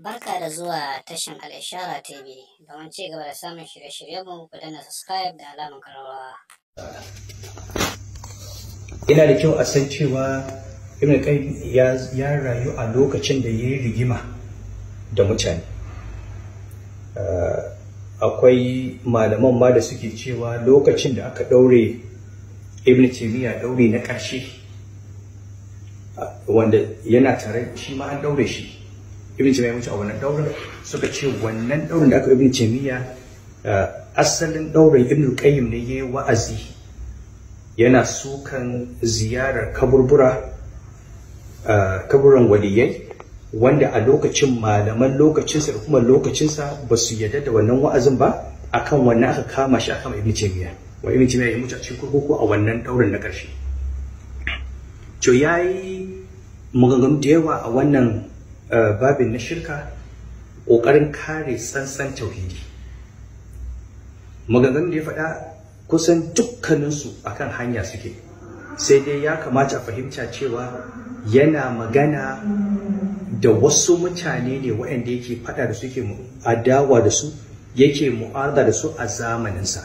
Barka da zuwa tashin Al'ishara TV domin ci gaba da samun shirye mu ku danna subscribe da alamun karawa. Yana da kyau a san cewa Ibn Qayyim ya rayu a lokacin da yayi rigima da mutane. Ah, akwai malaman ma da suke cewa lokacin da aka daure Ibn Taymiyyah daure na ƙarshe ah, wanda yana tare shi ma an ɗaure shi. ibn mun mutu a wannan daurin, suka ce wannan daurin da aka ibn taymiya eh, asalin daurin ibn qayyim ne yayi wa'azi yana sukan ziyarar kaburbura eh, kaburan waliyai wanda a lokacin malaman lokacinsa da kuma lokacinsa ba su yarda da wannan wa'azin ba akan wannan aka kama shi akan ibn taymiya wa ibn taymiya ya mutu a cikin kurkuku a wannan daurin na karshe to yayi maganganu da yawa a wannan Eh, babin na shirka ƙoƙarin kare sansan tauhidi maganganun da ya faɗa kusan dukkaninsu kan hanya suke sai dai ya kamata a fahimta cewa yana magana da wasu mutane ne waɗanda yake faɗa da su yake adawa da su yake mu'arda da su a zamaninsa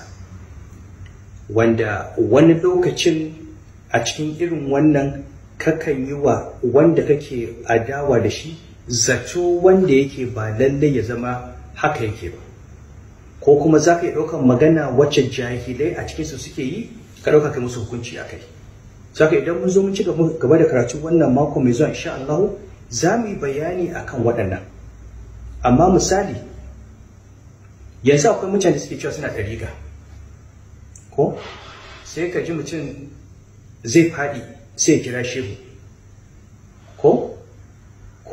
wanda wani lokacin a cikin irin wannan kakan yi wa wanda kake adawa da shi zato wanda yake ba lallai ya zama haka yake ba ko kuma za ka yi ɗaukar magana wacce jahilai a cikinsu suke yi ka ɗauka kai musu hukunci a kai saka idan mun zo mun ci gaba da karatu wannan mako mai zuwa insha Allah za mu yi bayani akan waɗannan amma misali yanzu akwai mutane suke cewa suna ɗariƙa ko sai ka ji mutum zai faɗi sai kira shehu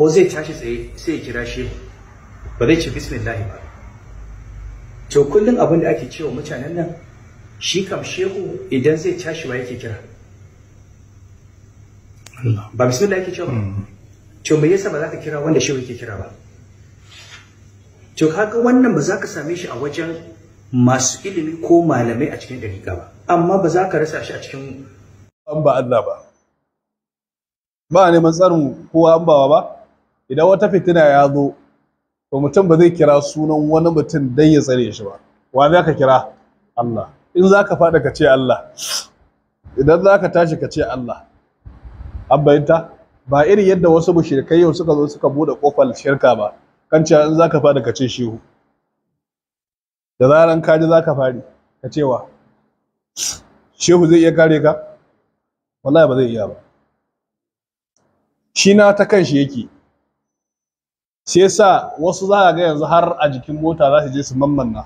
ko zai tashi tsaye sai ya kira shehu ba zai ce bismillahi ba to kullum abin da ake cewa mutanen nan shi kam shehu idan zai tashi ba yake kira ba bismillah yake cewa mm. to me yasa ba za ka kira wanda shehu yake kira ba to kaga wannan ba za ka same shi a wajen masu ilimi ko malamai a cikin dariƙa ba amma ba za ka rasa shi a cikin an ba Allah ba ba ne tsarin kowa an bawa ba idan wata fitina ya zo to mutum ba zai kira sunan wani mutum dan ya tsare shi ba wa za ka kira Allah in za ka faɗa ka ce Allah idan za ka tashi ka ce Allah an ba irin yadda wasu mushirkai yau suka zo suka bude kofar shirka ba kan cewa in za ka faɗa ka ce shehu da zaran ka ji za ka fari ka cewa shehu zai iya kare ka wallahi ba zai iya ba shi na ta kan shi yake shi yasa wasu za ga yanzu har a jikin mota za su je su mammanna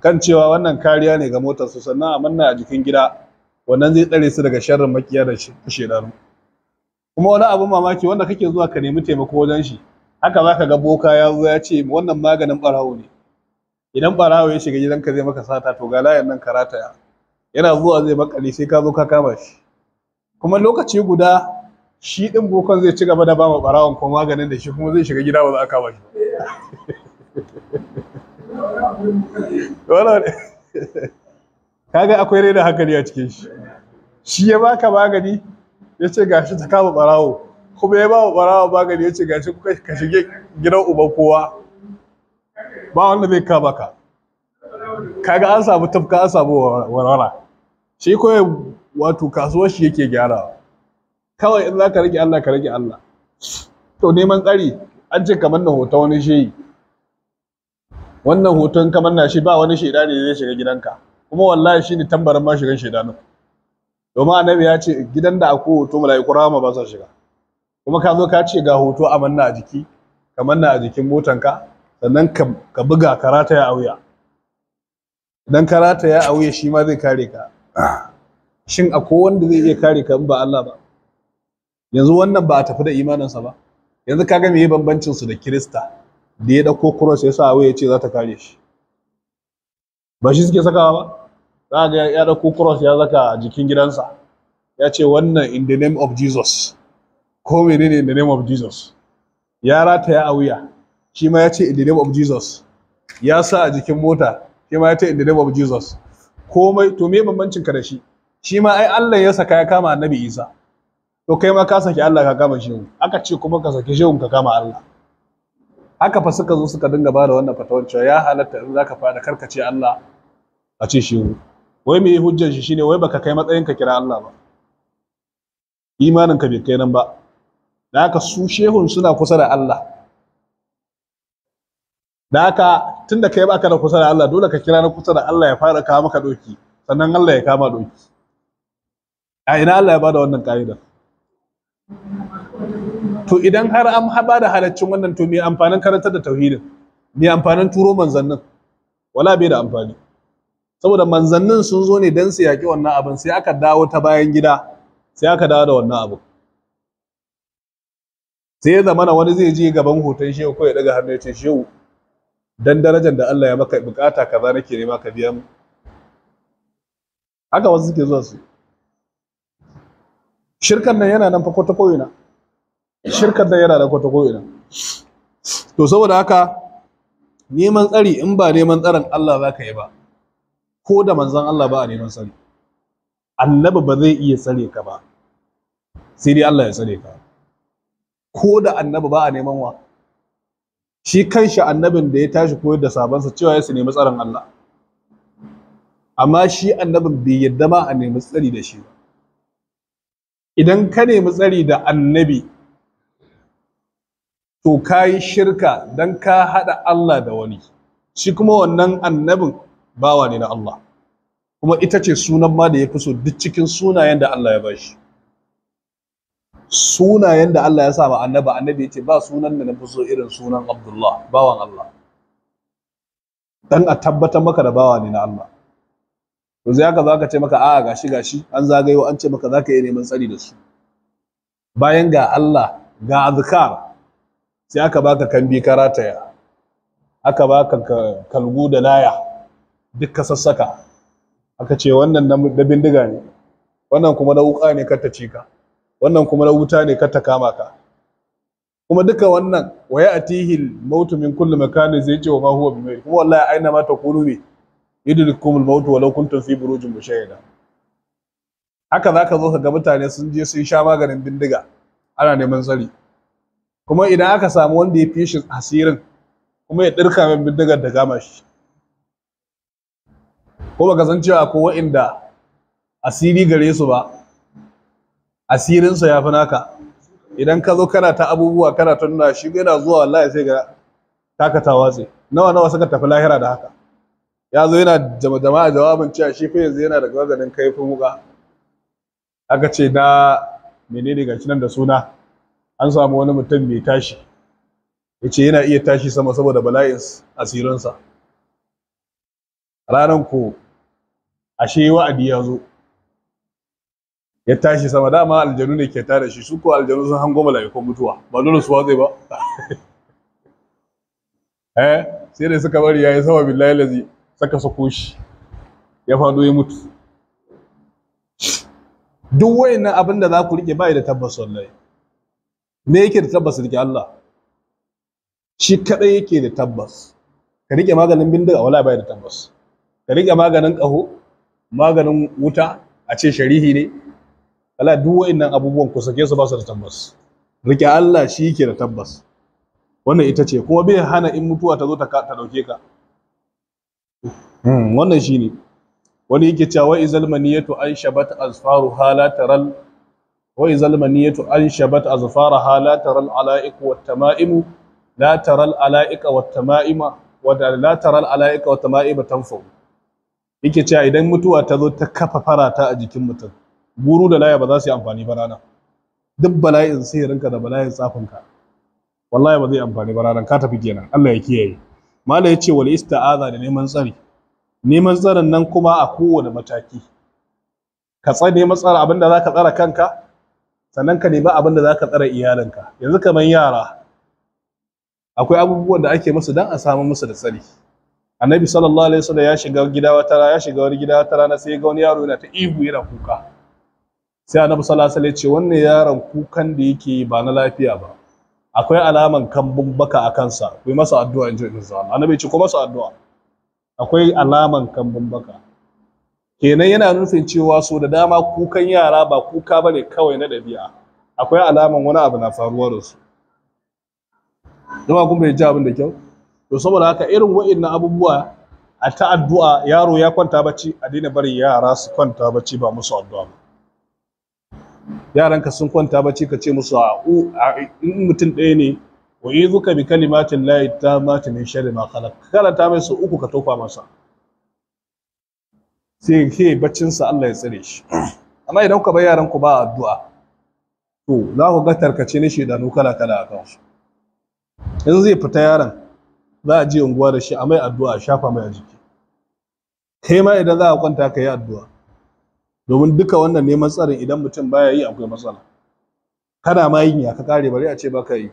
kan cewa wannan kariya ne ga motar su sannan a manna a jikin gida wannan zai tsare su daga sharrin makiya da shedanu kuma wani abin mamaki wanda kake zuwa ka nemi taimako wajen shi haka za ka ga boka ya zo ya ce wannan maganin barawo ne idan barawo ya shiga gidanka zai maka sata to ga layan nan karataya yana zuwa zai makale sai ka zo ka kama shi kuma lokaci guda shi ɗin bokon zai ci gaba da bama wa ɓarawon ko maganin da shi kuma zai shiga gida ba za a kama shi kaga akwai raina hankali a cikin shi shi ya baka magani ya ce gashi ta kama ɓarawo kuma ya bawa barawo magani ya ce gashi ka shige gidan uban kowa ba wanda zai kama ka kaga an samu tafka an samu warwara shi koyi wato kasuwar shi yake gyarawa kawai in za ka rage Allah ka rage Allah to neman tsari an ce kamar na hoton wani shehi wannan hoton kamar na shi ba wani shaida ne zai shiga gidanka kuma wallahi shine tambarin ma shigan shaidanin domin annabi ya ce gidan da akwai hoto mala'iku rahama ba sa shiga kuma ka zo ka ce ga hoto a manna a jiki ka manna a jikin motanka sannan ka buga ka rataya a wuya idan ka rataya a wuya shi ma zai kare ka shin akwai wanda zai iya kare ka in ba Allah ba yanzu wannan ba a tafi da imaninsa ba yanzu kaga me bambancin su da kirista da ya dauko cross ya sa ya ce za ta kare shi ba shi suke sakawa ba za ga ya dauko cross ya zaka a jikin gidansa ya ce wannan in the name of Jesus ko menene in the name of Jesus ya rataya a wuya shi ma ya ce in the name of Jesus ya sa a jikin mota shi ma ya ce in the name of Jesus komai to me bambancin ka da shi shi ma ai Allah ya saka ya kama annabi Isa to kai ma ka saki Allah ka kama shehu aka ce kuma ka saki shehun ka kama Allah haka fa suka zo suka dinga ba da wannan fatawar cewa ya halatta in zaka fada karka ce Allah a ce shehu wai me hujjar shi shine wai baka kai matsayin ka kira Allah ba imanin ka bai kai nan ba da haka su shehun suna kusa da Allah da haka tunda kai baka da kusa da Allah dole ka kira na kusa da Allah ya fara kawo maka doki sannan Allah ya kama doki a ina Allah ya bada wannan ka'ida to idan har an haɓa da halaccin wannan to me amfanin karantar da tauhidin me amfanin turo manzannin wala bai da amfani saboda manzannin sun zo ne don su yaƙi wannan abin sai aka dawo ta bayan gida sai aka dawo da wannan abin sai ya zamana wani zai je gaban hoton shehu ko ya daga hannu ya ce shehu dan darajar da Allah ya maka bukata kaza nake nema ka biya mu haka wasu suke zuwa su shirkan nan yana nan fa kwata na. shirkan nan yana nan kwata na. to saboda haka neman tsari in ba neman tsarin Allah za ka yi ba ko da manzon Allah ba a neman tsari annabi ba zai iya tsare ka ba sai dai Allah ya tsare ka ko da annabi ba a neman wa shi kanshi annabin da ya tashi koyar da sabansa cewa ya su nemi tsarin Allah amma shi annabin bai yadda ma a nemi tsari da shi ba idan ka nemi tsari da annabi to ka yi shirka don ka haɗa Allah da wani shi kuma wannan annabin bawa ne na Allah kuma ita ce sunan ma da ya fi so duk cikin sunayen da Allah ya ba shi sunayen da Allah ya sa ma annaba annabi ya ce ba sunan da na fi so irin sunan Abdullah bawan Allah dan a tabbatar maka da bawa ne na Allah to sai haka zaka ce maka a'a gashi gashi an zagayo an ce maka zaka iya neman tsari da su bayan ga Allah ga azkar sai aka baka kambi karataya aka baka kalgu da laya duk sassaka aka ce wannan na bindiga ne wannan kuma na wuka ne kar ta ci ka wannan kuma na wuta ne kar ta kama ka kuma duka wannan waya atihil mautu min kulli makani zai ce wa ma huwa bi kuma wallahi aina ma kunu ne yudrikum al-maut walau kuntum fi burujin mushayda haka zaka zo ka ga mutane sun je sun sha maganin bindiga ana neman tsari kuma idan aka samu wanda ya fi asirin kuma ya dirka min bindigar da gama shi ko baka san cewa ko wa'inda asiri gare su ba asirinsa ya fi naka idan ka zo kana ta abubuwa kana ta nuna shi yana zuwa wallahi sai ga takatawa tsaye nawa nawa suka tafi lahira da haka ya zo yana jama'a jawabin cewa shi fa yanzu yana da gwagwarin kaifin wuka aka ce na menene ga nan da suna an samu wani mutum mai tashi ya ce yana iya tashi sama saboda bala'in asirinsa ranar ku. ashe wa'adi ya zo ya tashi sama dama aljanu ne ke tada shi su ko aljanu sun hango mala'ikun mutuwa ba dole su watse ba eh sai da suka bari yayi sama billahi lazi saka sako shi ya faɗo ya mutu duk wayannan abin da za ku rike bai da tabbas wallahi me yake da tabbas rike Allah shi kadai yake da tabbas ka rike maganin bindiga wallahi bai da tabbas ka rike maganin ƙaho maganin wuta a ce sharihi ne wallahi duk wayannan abubuwan ku sake su ba su da tabbas rike Allah shi yake da tabbas wannan ita ce kuma bai hana in mutuwa ta zo ta dauke ka Hmm, wannan shi ne wani yake cewa wa izal maniyatu an shabat azfaru hala taral wa izal maniyatu an shabat a hala taral ala'iku wat tama'im la taral alaiq wat tama'ima wa la taral alaiq wat tama'ima tanfu yake cewa idan mutuwa ta zo ta kafa farata a jikin mutum guru da laya ba za su yi amfani ba rana duk bala'in sihirinka da bala'in tsafinka wallahi ba zai amfani ba rana ka tafi kenan Allah ya kiyaye mala yace wal ista'aza da neman tsari neman tsarin nan kuma a kowane mataki ka tsare matsara abin da ka tsara kanka sannan ka nemi abin da ka tsara iyalinka yanzu kamar yara akwai abubuwan da ake musu don a samu musu da tsari annabi sallallahu alaihi wasallam ya shiga gida wata rana ya shiga wani gida wata rana sai ga wani yaro yana ta ihu yana kuka sai annabi sallallahu alaihi wasallam ya ce wannan yaron kukan da yake ba na lafiya ba akwai alaman kambun baka a kansa ku yi masa addu'a in ji annabi ce masa addu'a akwai alaman kambun baka kenan yana nufin cewa so da dama kukan yara ba kuka bane kawai na ɗabi'a akwai alaman wani abu na faruwa da su dama kun bai ji abin da kyau to saboda haka irin wa'annan abubuwa a ta addu'a yaro ya kwanta bacci a daina barin yara su kwanta bacci ba musu addu'a ba yaranka sun kwanta bacci ka ce musu a in mutum ɗaya ne wa zuka bi kalimatin lahi ta min shari ma khalaq karanta mai su uku ka tofa masa sai ke baccin sa Allah ya tsare shi amma idan ka bar yaran ku ba addu'a to za ku ga tarkace ne shedanu kala kala kan su yanzu zai fita yaran, za a je unguwa da shi a mai addu'a a shafa mai a jiki kai ma idan za a kwanta ka yi addu'a domin duka wannan neman tsarin idan mutum baya yi akwai matsala kana ma yin ya ka kare bari a ce baka yi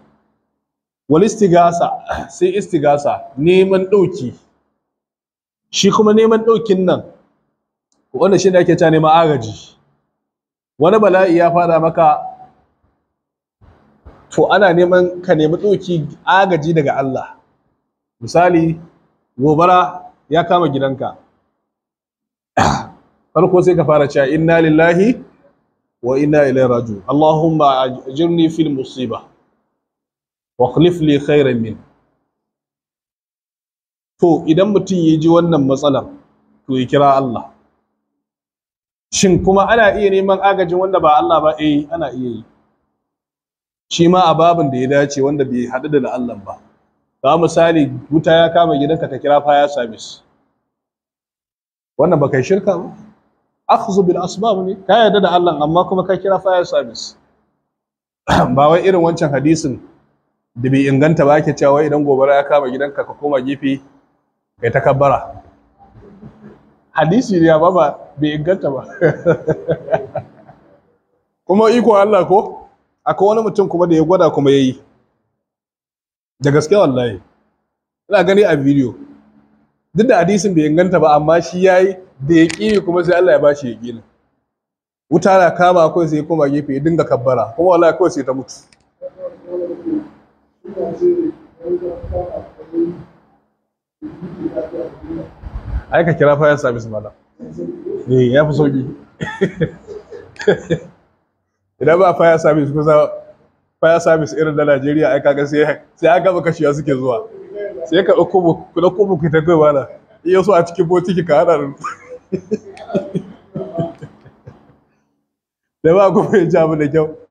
wal istigasa sai istigasa neman ɗauki shi kuma neman ɗaukin nan wannan shi ake ta neman agaji wani bala'i ya fara maka to ana neman ka nemi ɗauki agaji daga Allah misali gobara ya kama gidanka farko sai ka fara cewa inna lillahi wa inna ilaihi raji'un allahumma ajirni fil musiba wa khlif li khairan min to idan mutum ya ji wannan matsalar to ya kira Allah shin kuma ana iya neman agajin wanda ba Allah ba eh ana iya yi shi ma a da ya dace wanda bai haɗu da Allah ba ga misali wuta ya kama gidanka ka kira fire service wannan ba kai shirka ba akhdhu bil asbab ne ka yarda da Allah amma kuma ka kira fire service ba wai irin wancan hadisin da bai inganta ba ke cewa idan gobara ya kama gidanka ka koma gifi kai ta kabbara hadisi ne amma ba bai inganta ba kuma iko Allah ko akwai wani mutum kuma da ya gwada kuma yayi da gaske wallahi ina gani a bidiyo duk da hadisin bai inganta ba amma shi ya yi da ya ƙi kuma sai Allah ya ba shi ya gina wuta na kama kawai sai ya koma gefe ya dinga kabbara kuma wala kawai sai ta mutu aika ka kira fire service mala ne eh, ya fi sauki idan ba fire service kusa fire service irin na Najeriya aika ga sai sai aka gaba kashiya suke zuwa sai ka ɗauko buku ku ɗauko ta kai iya so a cikin ki ka haɗa da da ba ku fahimci abu da kyau